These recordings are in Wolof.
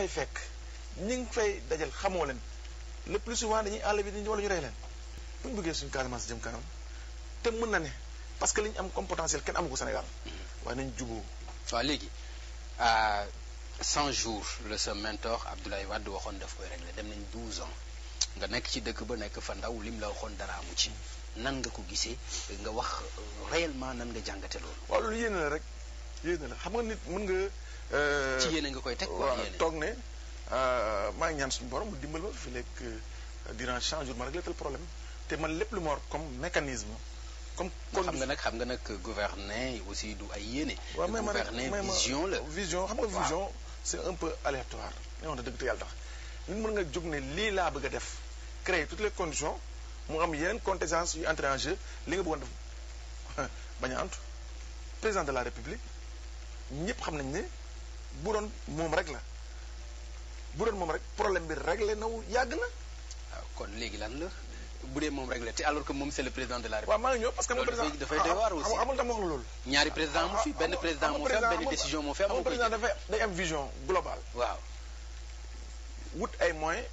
fay fekk ñi ngi fay dajal xamoo leen le plus souvent dañuy àll bi dañuy wala ñu rey leen bu ñu bëggee suñu Casamance jëm kanam te mën na ne parce que li am comme potentiel kenn amu ko Sénégal mm-hmm. waaye nañ juboo waaw léegi à 100 jours la sa mentor Abdoulaye Wade waxoon def koy réglé dem nañ 12 ans nga nekk ci dëkk ba nekk fa ndaw lim la waxoon dara amu ci nan nga ko gisee nga wax réellement nan nga jàngate loolu. waaw loolu yéene la rek yéene la xam nga nit Euh, ci yéene nga koy teg waaw toog ne euh, maa ñaan suñu borom mu dimbal ma fi lekk euh, durant cent jours ma réglé tel problème te man lépp lu ma war comme mécanisme comme kon xam nga nag xam nga nag gouverner aussi du ay yéene. waa mais ma gouverner vision la vision xam nga vision c' est un peu aléatoire. ne woon na dëgg te yàlla tax ñun mën nga jóg ne lii laa bëgg a def créer toutes les conditions mu am yeneen contingences yu entré en jeu li nga bëggoon def bañ a président de la république ñëpp xam nañ ne. bu doon moom rek la bu doon moom rek problème bi réglé na yàgg na. waaw ah, kon léegi lan la bu dee moom rek la te alors que moom c'est le président de la République. waaw maa ngi ñëw parce que moom dafay doy am vision globale. waaw wut ay moyens.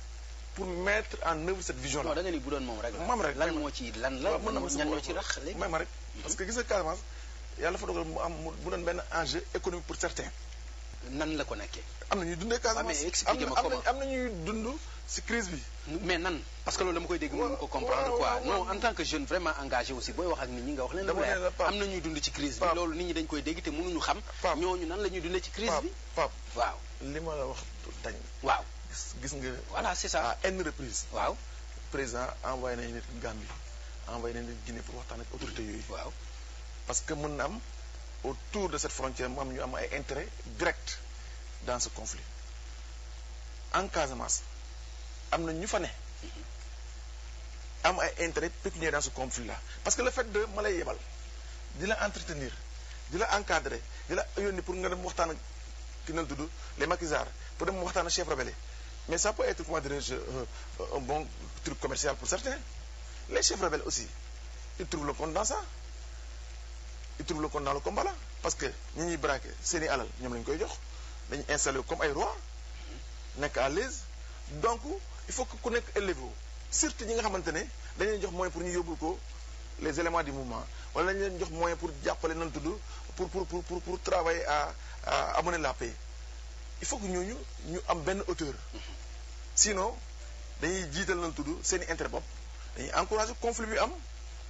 pour mettre en œuvre cette vision là. non da nga bu doon moom rek la moom rek lan moo ci lan la. waaw ñan ñoo ci rax léegi. may ma rek parce que gis a Casamance yàlla dafa dogal mu am mu doon benn enjeu économique pour certains. nan la ko nekkee. am na ñuy dundee Casamance expliqué ma comment am dund si crise bi. mais nan parce que loolu dama koy dégg mënu ko comprendre quoi non en tant que jeune vraiment engagé aussi booy wax ak nit ñi nga wax leen. la Pape am na ñuy dund ci crise bi. loolu nit ñi dañ koy dégg te mënuñu xam. ñooñu nan la ñuy ci crise bi. Pape waaw. li ma la wax dañ. waaw gis nga. voilà c'est ça à une reprise. waaw président envoyé nañu nit Gambie envoyé nañu nit Guinée pour waxtaan ak autorité yooyu. waaw parce que mën na am. autour de cette frontière mu am ñu am ay intérêt direct dans ce conflit en am na ñu fa ne am ay intérêt pécuniaire dans ce conflit là parce que le fait de ma lay yebal di la entretenir di la encadrer di la yónni pour nga dem waxtaan ak ki nal tudd les maquisards pour dem waxtaan ak chef rebelle mais ça peut être comment dirais euh, un bon truc commercial pour certains les chefs rebelles aussi ils trouvent le compte dans ça il trouve le compte dans le parce que ñi ñuy braqué seen i alal ñoom lañ koy jox dañu installé comme ay roi nekk à l'aise donc il faut que ku nekk élevé wu surtout ñi nga xamante ne dañ jox moyen pour ñu yóbbul ko les éléments du mouvement wala dañ leen jox moyen pour jàppale nan tudd pour pour pour pour pour travailler à à amener la paix il faut que ñooñu ñu am benn hauteur sino dañuy jiital nan tudd seen i bopp dañuy encouragé conflit bi am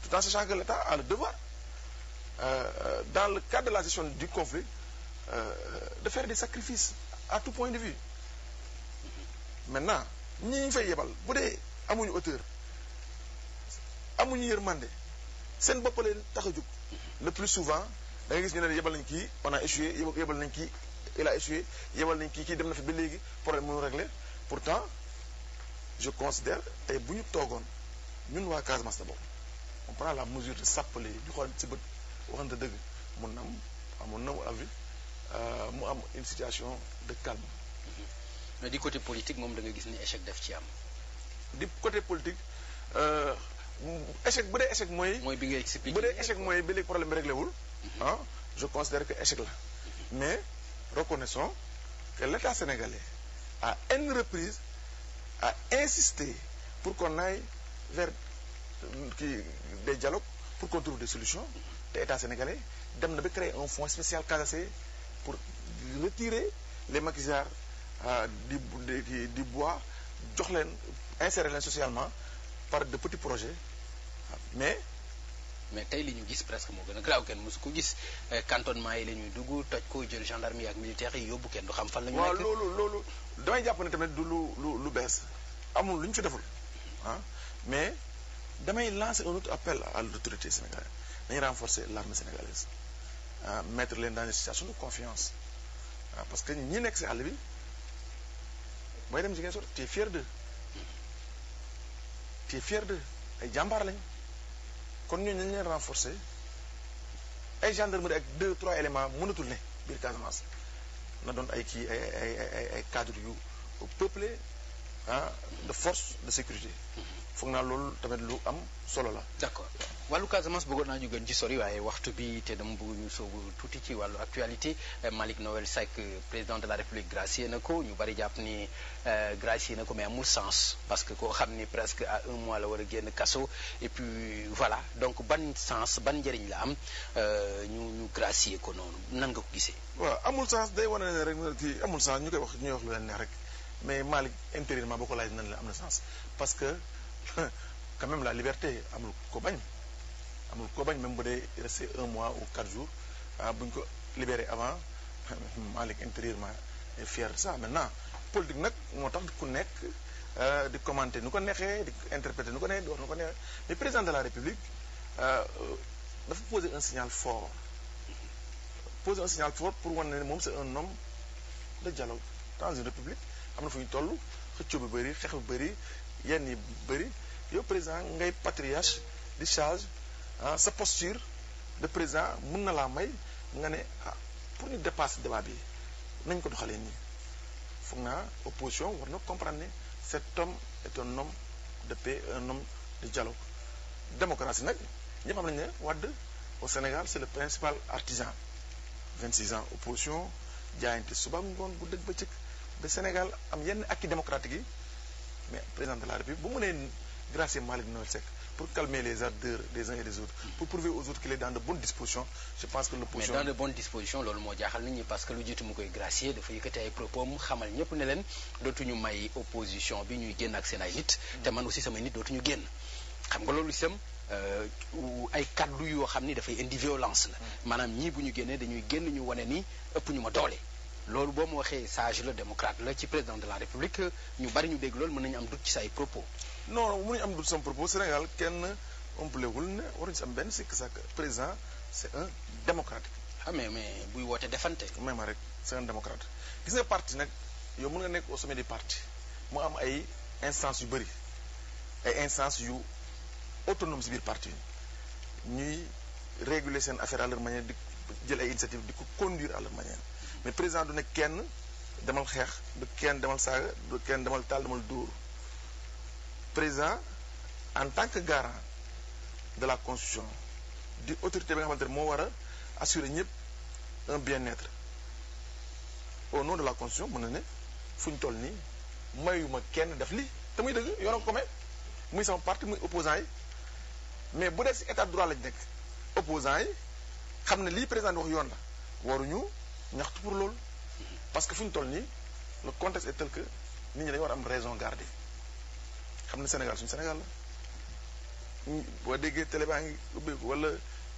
tout en sachant que a Euh, euh, dans le cadre de la gestion du conflit euh, euh, de faire des sacrifices à tout point de vue maintenant ñi ñu fay yebal bu dee amuñu hauteur amuñu yërmande seen bopp leen tax a jóg le plus souvent da gis ñu ne yebal nañ kii on a échoué yebal nañ kii il a échoué yebal nañ kii kii dem na fi ba léegi problème mënu réglé pourtant je considère tey bu ñu toogoon ñun waa Casamance d'abord on la mesure de s'appeler ñu xool ci bët waxante dëgg mun nam amoon na avis euh, mu am une situation de calme. Mm-hmm. mais du côté politique moom da gis ni échec def ci am. du côté politique euh, échec bu dee échec mooy. mooy bi nga expliqué bu dee échec mooy bi léegi problème bi réglé wul. Mm-hmm. ah je considère que échec la. Mm-hmm. mais reconnaissons que l'État sénégalais à une reprise a insisté pour qu'on aille vers euh, qui des dialogues pour qu'on trouve des solutions. te état sénégalais dem na ba créer un fonds spécial Casace pour retirer les maquisards euh, di di di bois jox leen insérer leen socialement par de petits projets mais. mais tey li ñu gis presque moo gën a graaw kenn su ko gis euh, cantonnement yi la ñuy dugg toj ko jël gendarmerie ak militaire yi yóbbu kenn du xam fan la ñu nekk loolu loolu damay jàpp ne tamit du lu lu lu bees amul lu ñu fi deful ah. mais. damay lancer un autre appel à l'autorité sénégalaise nañu renforcer l'armée sénégalaise ah mettre leen dans une situation de confiance euh, parce que ñi nekk si àll bi booy dem jigéen sot tu fier de tu fier de ay jàmbaar lañ kon ñooñu nañ leen renforcer ay gendarmerie ak deux trois éléments mënatul ne biir Casamance na doon ay kii ay ay ay ay cadre yu peuplé de force de sécurité mm-hmm. foog naa loolu tamit lu am solo la. d'accord wàllu Casamance bëggoon naa ñu gën ci sori waaye waxtu bi te dama bëgg ñu soobu tuuti ci wàllu actualité eh, Malick Noël Seck président de la République gracié na ko ñu bari jàpp ni eh, gracié na ko mais amul sens parce que koo xam ni presque à un mois la war a génn kaso et puis voilà donc ban sens ban njëriñ la am eh, ñu ñu gracié ko noonu nan nga ko gisee. waaw amul sens day wane ne rek amul sens ñu koy wax rek mais Malick intérieurement boo ko laaj am na quand même la liberté amul ko bañ amul ko bañ même ba dee resté un mois ou quatre jours ah bu ko libéré avant Malick intérieurement est fier de ça maintenant politique nag moo tax ku nekk euh, di commenter nu ko neexee di interpréter nu ko neexee di wax nu ko neexee mais président de la république euh, dafa poser un signal fort poser un signal fort pour wane moom c'est un homme de dialogue dans une république am na fu ñu toll xëccoo bi bëri xeex bi bëri yenn yi bëri yow président ngay patriarche di charge ah, sa posture de président mun na laa may nga ne ah pour ñu dépasser débat bi nañ ko doxalee nii foog naa opposition war na comprendre ne cet homme est un homme de paix un de dialogue démocratie nag ñëpp am nañu ne Wade au Sénégal c'est le principal artisan 26 ans opposition jaayante suba ngoon bu dëgg ba de ba Sénégal am yenn acquis démocratique yi mais président de la République bu mënee gracier Malick Noël Seck pour calmer les ardeurs des uns et des autres pour prouver aux autres qu'il est dans de bonnes dispositions je pense que l'opposition loolu moo jaaxal nit parce que lu jiitu mu koy gracier dafa yëkkati ay propos mu xamal ñëpp ne leen dootuñu may opposition bi ñuy génn ak seen ay nit te man aussi samay nit dootuñu génn xam nga loolu itam euh, ay kaddu yoo xam ni dafay indi violence la hmm. maanaam ñii bu ñu génnee dañuy génn ñu wane ni ëpp ñu ma doole loolu boo mu waxee sage la démocrate la ci président de la république ñu bari ñu dégg loolu mën nañu am doute ci say propos. non mënuñu am doute sama propos Sénégal kenn ëmpalewul ne waruñu si am benn sikk sàkk président c'est un démocrate. ah mais buy woote defante. may ma rek c'est un démocrate gis nga parti nag yow mun nga nekk au sommet du parti mu am ay instances yu bëri ay instances yu autonome si biir parti ñuy réguler seen affaire à leur manière jël ay di ko conduire à mais président du ne kenn damal xeex du kenn damal saaga du kenn damal taal demal dóor président en tant que garant de la constitution di autorité bi nga xamante ne moo war a assurer ñëpp un bien-être au nom de la constitution mën na ne fu ñu toll nii mayuma kenn def lii te muy dëgg yoona ko ko may muy sama parti muy opposant yi mais bu dee si état de droit lañ nekk opposant yi xam ne lii président di wax yoon la waruñu ñaxtu pour loolu parce que fu ñu toll nii le contexte est tel que nit ñi dañu war am raison garder xam ne Sénégal suñu Sénégal la boo déggee télé baa ngi ubbeeku wala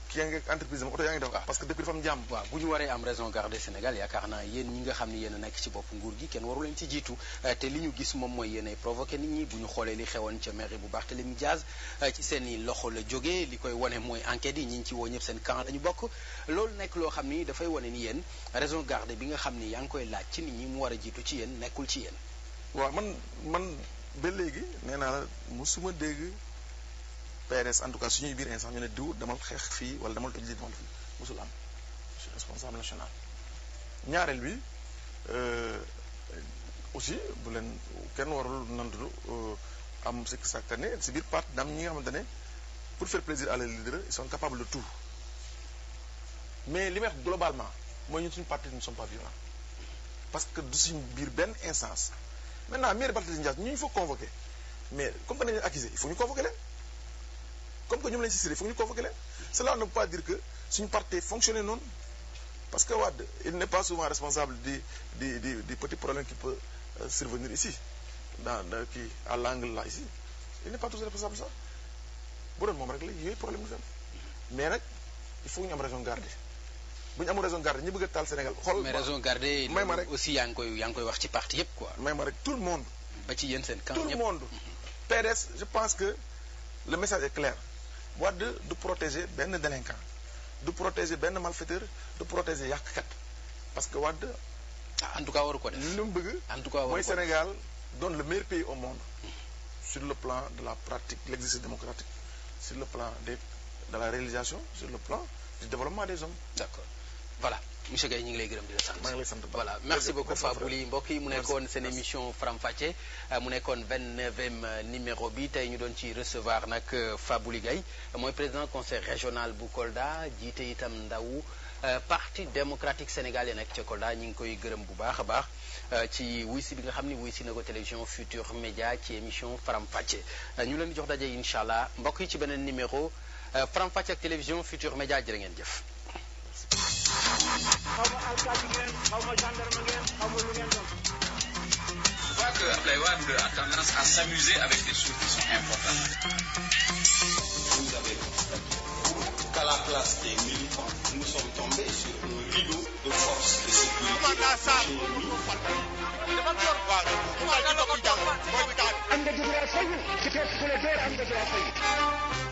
ki yaa ngi entreprise am oto yaa ngi def ah parce que depuis dafa jàmm waaw bu ñu waree am raison garder Sénégal yaakaar naa yéen ñi nga xam ne yéen a nekk ci bopp nguur gi kenn waru ci jiitu euh, te li ñu gis moom mooy yéen ay nit ñi bu ñu xoolee li xewoon ca mairie bu Barthélémy Diaz euh, ci seen loxo la jógee li koy wane mooy enquête yi ñi ngi ci woo ñëpp seen camp la bokk loolu nekk loo xam ni dafay wane ni yéen raison garder bi nga xam ni yaa ngi koy laaj ci nit ñi mu war a jiitu ci yéen nekkul ci yéen waaw man man ba léegi nee naa PRS en tout cas suñuy biir instant ñu ne diw demal xeex fii wala demal toj lii demal fii mosul am je suis responsable national ñaareel bi euh, aussi bu leen kenn warul nandulu euh, am sikk sàkka ne si biir part dam ñi nga xamante ne pour faire plaisir à leurs leaders ils sont de tout mais li may wax globalement mooy ñun suñu parti ne sont pas violents parce que du suñu biir benn instance maintenant maire Barthélémy Dias ñu ñu faut convoquer mais comme que a accusé il faut ñu convoquer leen comme que ñoom lañu saisir il faut ñu convoquer leen cela ne veut pas dire que suñu parti fonctionner noonu parce que Wade il n'est pas souvent responsable des di di des petits problèmes qui peut euh, survenir ici dans qui à l'angle là ici il n'est pas toujours responsable ça bu doon moom rek la yooyu problème du fi mais nag il faut ñu am raison garder bu ñu amul raison garder ñu bëgg a taal Sénégal xool mais raison rek koy wax ci parti yëpp rek tout le monde ba ci yéen seen camp tout le monde mhm. PDS je pense que le message est Wade du protéger benn délinquant du protéger benn malfaiteur du protéger yàqkat parce que Wade ah, en tout cas waru ko def lu mu bëgg en tout cas mooy Sénégal donne le meilleur pays au monde sur le plan de la pratique de l'exercice démocratique sur le plan des de la réalisation sur le plan du développement des hommes d'accord voilà monsieur Gaye ñu ngi lay gërëm di la sant. maa ngi lay sant merci beaucoup Fabouli mbokk yi mu nekkoon seen émission Faram Facce euh, mu nekkoon vingt-neuvième euh, numéro bi tey ñu doon ci recevoir nag euh, Fabouli Gaye mooy président conseil régional bu Kolda jiite itam ndaw parti démocratique sénégalais nag ca Kolda ñu ngi koy gërëm bu baax a baax. ci wuy bi nga xam ni wuy si na ko télévision Futur Média ci émission Faram Facce ñu leen jox daje incha allah mbokk yi ci beneen numéro Faram Facce ak télévision Futur Média jërë ngeen jëf. xaw ma alkaati ngeen xaw ma gendarme ngeen xaw ma lu ngeen doon. je vois que Abdoulaye Wade a tendance à s'amuser avec des choses qui sont importantes. vous avez constaté qu'à la place des militants nous sommes tombés sur un rideau de force de sécurité.